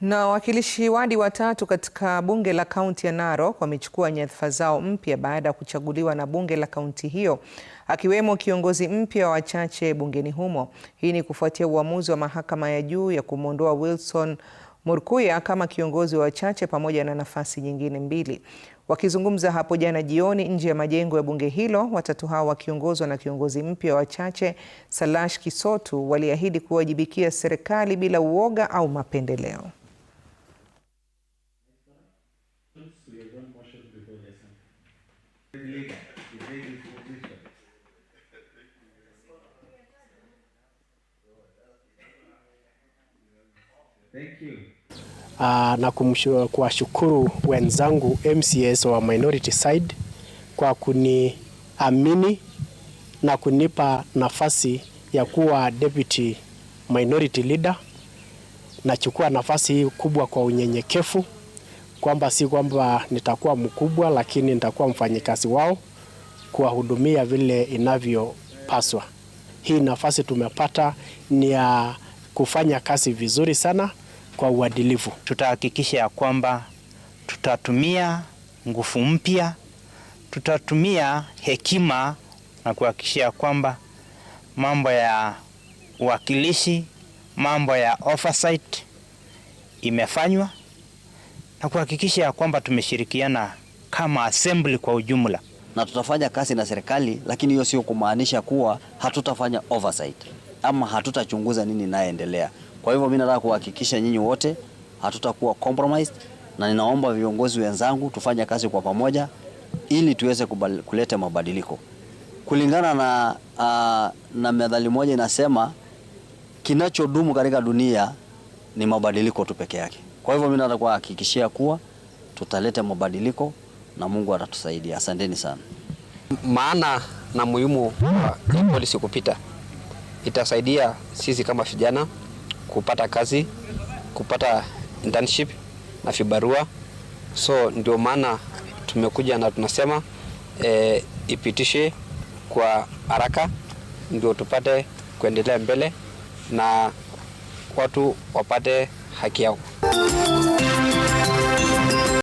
Na wawakilishi wadi watatu katika bunge la kaunti ya Narok wamechukua nyadhifa zao mpya baada ya kuchaguliwa na bunge la kaunti hiyo, akiwemo kiongozi mpya wa wachache bungeni humo. Hii ni kufuatia uamuzi wa mahakama ya juu ya kumwondoa Wilson Murkuya kama kiongozi wa wachache pamoja na nafasi nyingine mbili. Wakizungumza hapo jana jioni nje ya majengo ya bunge hilo, watatu hao wakiongozwa na kiongozi mpya wa wachache Salash Kisotu waliahidi kuwajibikia serikali bila uoga au mapendeleo. Since we have worship before lesson. Uh, na kuwashukuru wenzangu MCS wa minority side kwa kuniamini na kunipa nafasi ya kuwa deputy minority leader. Nachukua nafasi hii kubwa kwa unyenyekevu kwamba si kwamba nitakuwa mkubwa, lakini nitakuwa mfanyikazi wao kuwahudumia vile inavyopaswa. Hii nafasi tumepata ni ya kufanya kazi vizuri sana kwa uadilifu. Tutahakikisha ya kwamba tutatumia nguvu mpya, tutatumia hekima na kuhakikisha kwamba mambo ya uwakilishi, mambo ya oversight imefanywa na kuhakikisha ya kwamba tumeshirikiana kama assembly kwa ujumla, na tutafanya kazi na serikali, lakini hiyo sio kumaanisha kuwa hatutafanya oversight ama hatutachunguza nini inayoendelea. Kwa hivyo mimi nataka kuhakikisha nyinyi wote hatutakuwa compromised, na ninaomba viongozi wenzangu tufanye kazi kwa pamoja ili tuweze kuleta mabadiliko kulingana na, uh, na methali moja inasema kinachodumu katika dunia ni mabadiliko tu peke yake. Kwa hivyo mimi nataka kuhakikishia kuwa tutaleta mabadiliko na Mungu atatusaidia. Asanteni sana. Maana na muhimu ya polisi kupita itasaidia sisi kama vijana kupata kazi, kupata internship na vibarua. So ndio maana tumekuja na tunasema e, ipitishe kwa haraka ndio tupate kuendelea mbele na watu wapate haki yao. Thank you.